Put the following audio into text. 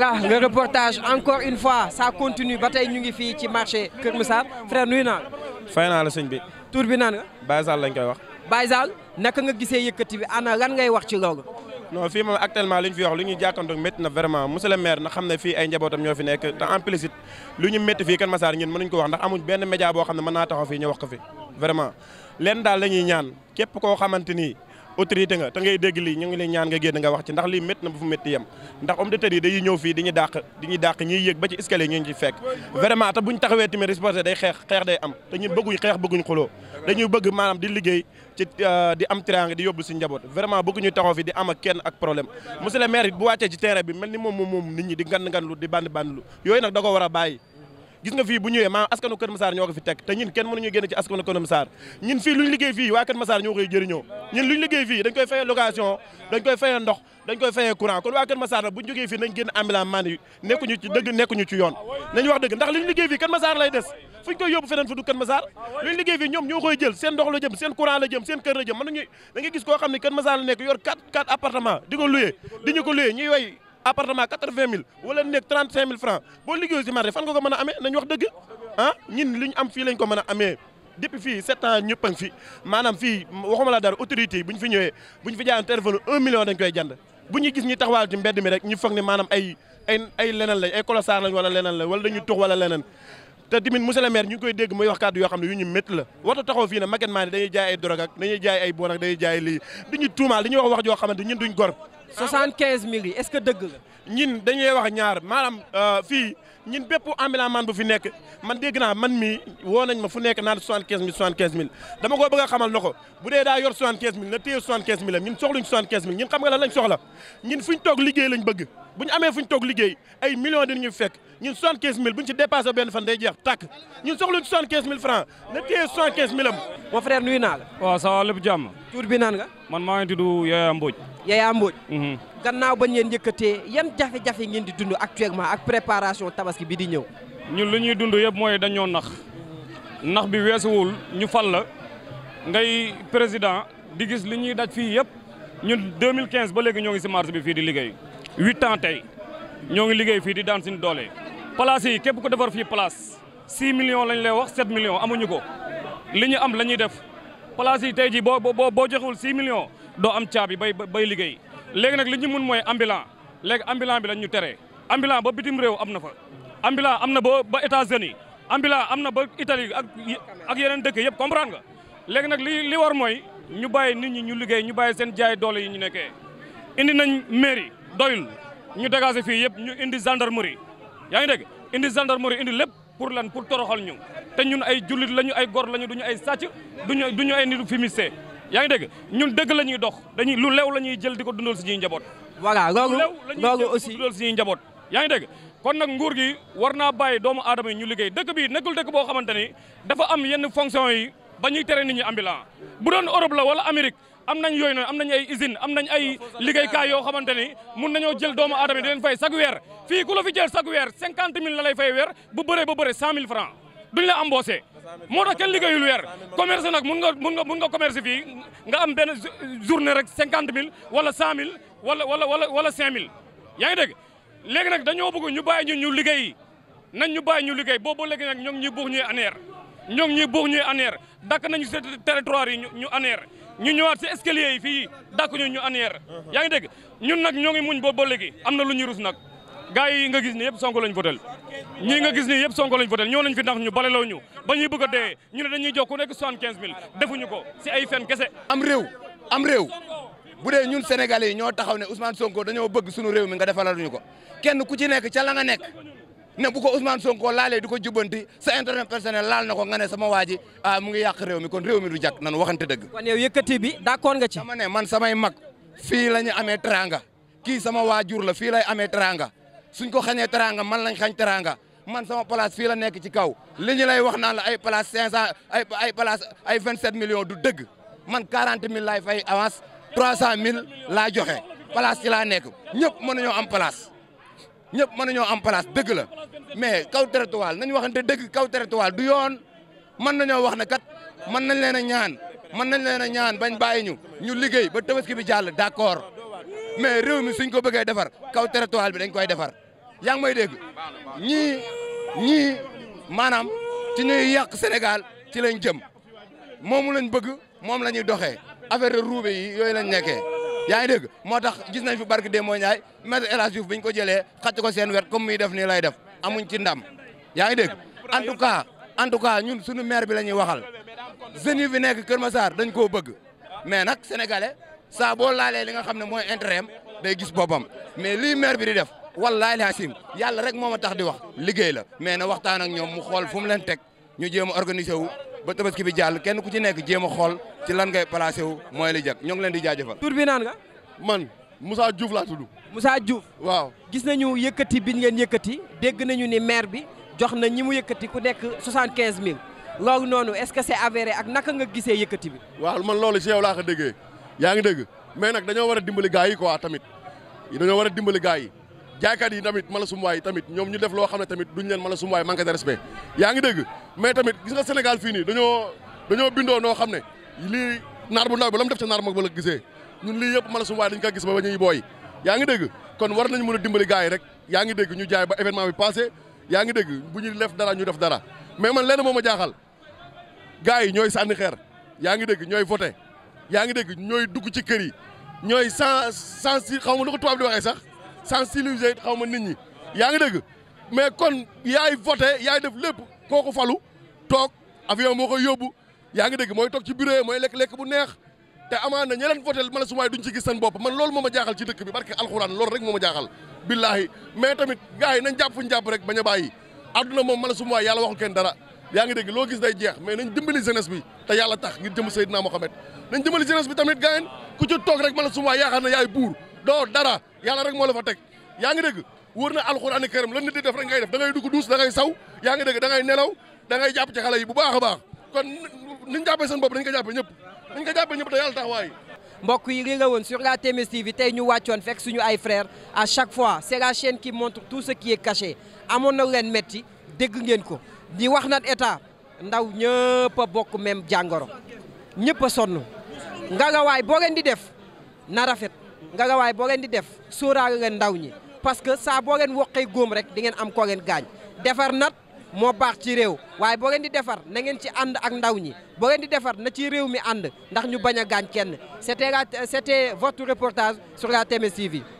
Voilà le reportage encore une fois ça continue ba tey ñu ngi fii ci marché Kër Moussa frère nuyu naa la. fay naa la sëñ bi. tur bi naan nga. Baye lañ koy wax. Baye naka nga gisee yëkkati bi ana lan ngay wax ci loolu. non fii moom actuellement li ñu fi wax lu ñu jàkkandoog métti na vraiment monsieur le maire na xam ne fii ay njabootam ñoo fi nekk te en plus it lu ñu métti fii kan Massar ñun ko wax ndax amuñ benn média boo xam ne mën naa taxaw fii ñu wax ko fi ni autorité nga te ngay dégg lii ñu ngi lay ñaan nga génn nga wax ci ndax lii métti na bu fu métti yem ndax homme de terre yi dañuy ñëw fii di ñu dàq di ñu dàq ñuy yéeg ba ci escalier ñu ci fekk vraiment te buñ taxawee tamit responsé day xeex xeex day am te ñun bëgguñ xeex bëgguñ xuloo dañuy bëgg maanaam di liggéey euh, di am triangle di yóbbu si njaboot vraiment bëgguñu taxaw fi di am ak kenn ak problème monsieur le maire bu wàccee ci terrain bi mel ni moom moom moom nit ñi di ngan ngan lu di band band lu yooyu nag da ko a bàyyi gis nga fii bu ñëwee maanaam askanu Kër Massar ñoo ko fi teg te ñun ñu liggéey fii waa Kër Massar ñoo koy ñu génn ci dëgg nekkuñu ci yoon nañ wax lu ñu liggéey fii Kër Massar lay ñu koy yóbbu feneen ñu liggéey fii seen ndox la jëm seen courant la jëm seen kër la jëm mën nañu da gis koo xam ne Kër Massar la nekk yor 4 4 appartement di ko di ñu ko luyee ñuy way appartement quatre-vingt mille wala néeg trente-cinq mille francs boo liggéeyoo si marché fan nga amee nañ wax dëgg ah ñun li am fii lañ ko mën a amee depuis fii sept ans ñëpp a ngi fi maanaam fii waxuma dara autorité bu ñu fi ñëwee bu ñu fi jaayoon téléphone un million dañ koy jënd bu ñu gis ñi taxawal ci mbedd mi rek ñu foog ne maanaam ay ay ay leneen lañ ay colossar lañ wala leneen lañ wala dañuy tux wala leneen te tamit monsieur le maire ñu ngi koy dégg muy wax kàddu yoo xam ne yu ñu métti la warta taxaw fii duñ gor 75 000 yi est-ce que dëgg la. ñin dañuy wax ñaar maanaam euh, fii ñin bépp ambulant bu fi nekk man dégg naa man mi woo nañ ma fu nekk naan 75 000 75 000 dama ko bëgg a xamal na ko bu dee daa yor 75 000 na téye 75 000 am ñun soxluñ 75 000 ñun xam nga lan lañ soxla ñun fuñ toog liggéey lañ bëgg. bu ñu amee fu ñu toog liggéey ay millions dinañu fekk ñun 75000 bu ñu ci dépassé benn fan day jeex ñu ñun soxluñ 75000 francs na téye 75000 am. mon frère nuyu naa la. waaw ça va lépp jàmm. tur bi naan nga. man maa ngi tudd Yaya Mbodj. Yaya Mbodj. Mhm. gannaaw bañ leen yëkkatee yan jafe-jafe ngeen di dund actuellement ak préparation tabaski bi di ñëw. ñun li ñuy dund yëpp mooy dañoo nax nax bi weesuwul ñu fal la ngay président di gis li ñuy daj fii yëpp ñun 2015 ba léegi ñoo ngi si fii di liggéey. huit tey ñoo ngi liggéey fii di daan doole place yi ku ko defar fii place six millions lañ lay wax sept millions amuñu ko li ñu am la ñuy def place tey jii boo boo boo joxewul six millions doo am caabi bay bay liggéey léegi nag li ñu mun mooy ambulant léegi ambilan bi lañ ñu teree ambulant ba bitim réew am na fa ambulant am na ba ba États-Unis am na ba itali ak ak yeneen dëkk yëpp comprendre nga léegi nag li li war mooy ñu bàyyi nit ñi ñu liggéey ñu bàyyi seen jaay doole yi ñu nekkee indi nañ mairie doyul ñu dégager fii yëpp ñu indi gendarmerie yaa ngi dégg indi sendar gendarmerie indi lépp pour lan pour toroxal ñu te ñun ay jullit lañu ay góor lañu duñu ay sàcc duñu duñu ay nitu fumiste yaa ngi dégg ñun dëgg la ñuy dox dañuy lu lew la ñuy jël di ko dundal suñuy njaboot. voilà loolu loolu aussi lu lew la jël di ko dundal suñuy njaboot yaa ngi dégg. kon nag nguur gi war naa bàyyi doomu aadama yi ñu liggéey dëkk bii nekkul dëkk boo xamante ni dafa am yenn fonction yi ba ñuy tere nit ñi ambulant bu doon Europe la wala Amérique am nañ yooyu noonu am nañ ay usine am nañ ay liggéeykaay yoo xamante ni mun nañoo jël doomu aadama di leen fay chaque weer fii ku la fi jël chaque weer cinquante mille la lay fay weer bu bëree ba bëree cent mille francs duñ la embauché moo tax kenn liggéeyul weer commerce nag mun nga mun nga mun nga commerce fii nga am benn journée rek cinquante mille wala cent mille wala wala wala wala cinq mille yaa ngi dégg léegi nag dañoo bëgg ñu bàyyi ñu ñu liggéey nañ ñu bàyyi ñu liggéey boo léegi nag ñoo ngi ñuy buux ñuy aneer ñoo ngi ñuy buux ñuy aneer dakk nañu seen territoire ñu aneer ñu ñëwaat si escalier yi fii dàkku ñu ñu annière yaa ngi dégg ñun nag ñoo ngi muñ boobu ba léegi am na lu ñu rus nag gars yi nga gis ni yëpp sonko lañ votel ñii nga gis ni yëpp sonko lañ votel ñoo lañ fi ndax ñu baleloo ñu ba ñuy bëgg a dee ñu ne dañuy jox ku nekk soixante-quinze ko si ay fen kese am réew am réew bu dee ñun sénégalais yi ñoo taxaw ne Ousmane Sonko dañoo bëgg suñu réew mi nga ñu ko kenn ku ci nekk ca la nga nekk ne bu ko Ousmane Sonko laalee di ko jubbanti sa internet personnel laal na ko nga ne sama waa ji ah mu ngi yàq réew mi kon réew mi du jag nan waxante dëgg. kon yow yëkkati bi d'accord nga ci. dama ne man samay mag fii la ñu amee teranga kii sama waajur la fii lay amee teranga suñ ko xañee teranga man lañ xañ teranga man sama place fii la nekk ci kaw li lay wax naan la ay place cinq cent ay ay place ay vingt-sept millions du dëgg man quarante mille laay fay avance trois cent mille laa joxe place ci laa nekk ñëpp mënuñoo am place. ñëpp mënuñoo am place dëgg la mais kaw territoire nañu waxante dëgg kaw territoire du yoon mën nañoo wax ne kat mën nañ leen ñaan mën nañ leen ñaan bañ bàyyi ñu ñu liggéey ba tabaski bi jàll d'accord mais réew mi ñu ko bëggee defar kaw territoire bi dañ koy defar yaa ngi may dégg ñii ñii maanaam ci ñuy yàq Sénégal ci lañ jëm moom lañ bëgg moom la ñuy doxee affaire ruube yi yooyu lañ nekkee yaa ngi dégg moo tax gis nañ fi barke Demba Ndiaye maître El Hadj Diouf bi ko jëlee xàcc ko seen wet comme muy def ni lay def amuñ ci ndam yaa ngi dégg en tout cas en tout cas ñun suñu maire bi la ñuy waxal jeunes yi fi nekk Kër Massar dañ koo bëgg mais nag sénégalais saa boo laalee li nga xam ne mooy intérêt day gis boppam mais li maire bi di def wallaahi laasim yàlla rek moo ma tax di wax liggéey la mais na waxtaan ak ñoom mu xool fu mu leen teg ñu jéem a organiser wu ba tabaski bi jàll kenn ku ci nekk jéem a xool ci lan ngay placé wu mooy li jag ñoo ngi leen di jaajëfal. tur bi naan nga. man musa Diouf laa tudd. Moussa Diouf. waaw gis nañu yëkkati biñ ngeen yëkkati dégg nañu ni maire bi jox na ñi mu yëkkati ku nekk soixante-quinze mille loolu noonu est-ce que c'est avéré ak naka nga gisee yëkkati bi. waaw man loolu si yow laa ko déggee yaa ngi dégg mais nag dañoo war a dimbali gars yi quoi tamit dañoo war a dimbali gaa yi jaaykat yi tamit mala sum waay tamit ñoom ñu def loo xam ne tamit duñ leen mala sum waay manque de respect yaa ngi dégg mais tamit gis nga Sénégal fii nii dañoo dañoo bindoo noo xam ne lii naar bu ndaw ba la mu def ca naar mag ba gisee ñun lii yëpp mala sum waay dañ ko gis ba ba ñuy booy yaa ngi dégg kon war nañu mën a dimbali gars yi rek yaa ngi dégg ñu jaay ba événement bi passé yaa ngi dégg bu ñuy lef dara ñu def dara mais man lenn moo ma jaaxal gars yi ñooy sànni xeer yaa ngi dégg ñooy voté yaa ngi ñooy dugg ci kër yi ñooy sans sans si xaw ma nu ko sax sensibiliser xaw ma nit ñi yaa ngi dégg mais kon yaay voté yaay def lépp kooku falu toog avion moo koy yóbbu yaa ngi dégg mooy toog ci bureau te bopp man loolu moo ma jaaxal ci dëkk bi barke alxuraan loolu rek moo ma jaaxal billaahi mais tamit gars yi nañ jàpp fuñ rek bañ a bàyyi moom man su maay yàlla waxul kenn dara yaa ngi dégg loo gis day jeex mais nañ dimbali jeunesse bi te yàlla tax ngir jëm Seydina Mohamed nañ dimbali jeunesse bi tamit gars toog rek man su maay na yaay buur doo dara yàlla rek moo la fa teg yaa ngi dégg wóor na alxuraan karim lan la di def rek ngay def da ngay dugg duus da ngay saw yaa ngi dégg da ngay nelaw da ngay jàpp ci xale yi bu baax a baax kon ni ñu jàppee seen bopp dañ ko jàppee ñëpp dañ ko jàppee ñëpp te yàlla taxawaay mbokk yi lii la woon sur la TMS TV tey ñu wàccoon fekk suñu ay frères à chaque fois c'est la kii qui montre tout ce qui est caché amoon na leen metti dégg ngeen ko di wax nag état ndaw ñëpp a bokk même jàngoro ñëpp a sonn ngalawaay boo leen di def na rafet waaye boo ngeen di def sóoraale leen ndaw ñi parce que saa boo ngeen woqee góom rek di geen am koo ngeen gaañ defar nat moo baax ci réew waaye boo ngeen di defar na ngeen ci ànd ak ndaw ñi boo ngeen di defar na ci réew mi ànd ndax ñu bañ a gaañ kenn c'était c'était votre reportage sur la TMS TV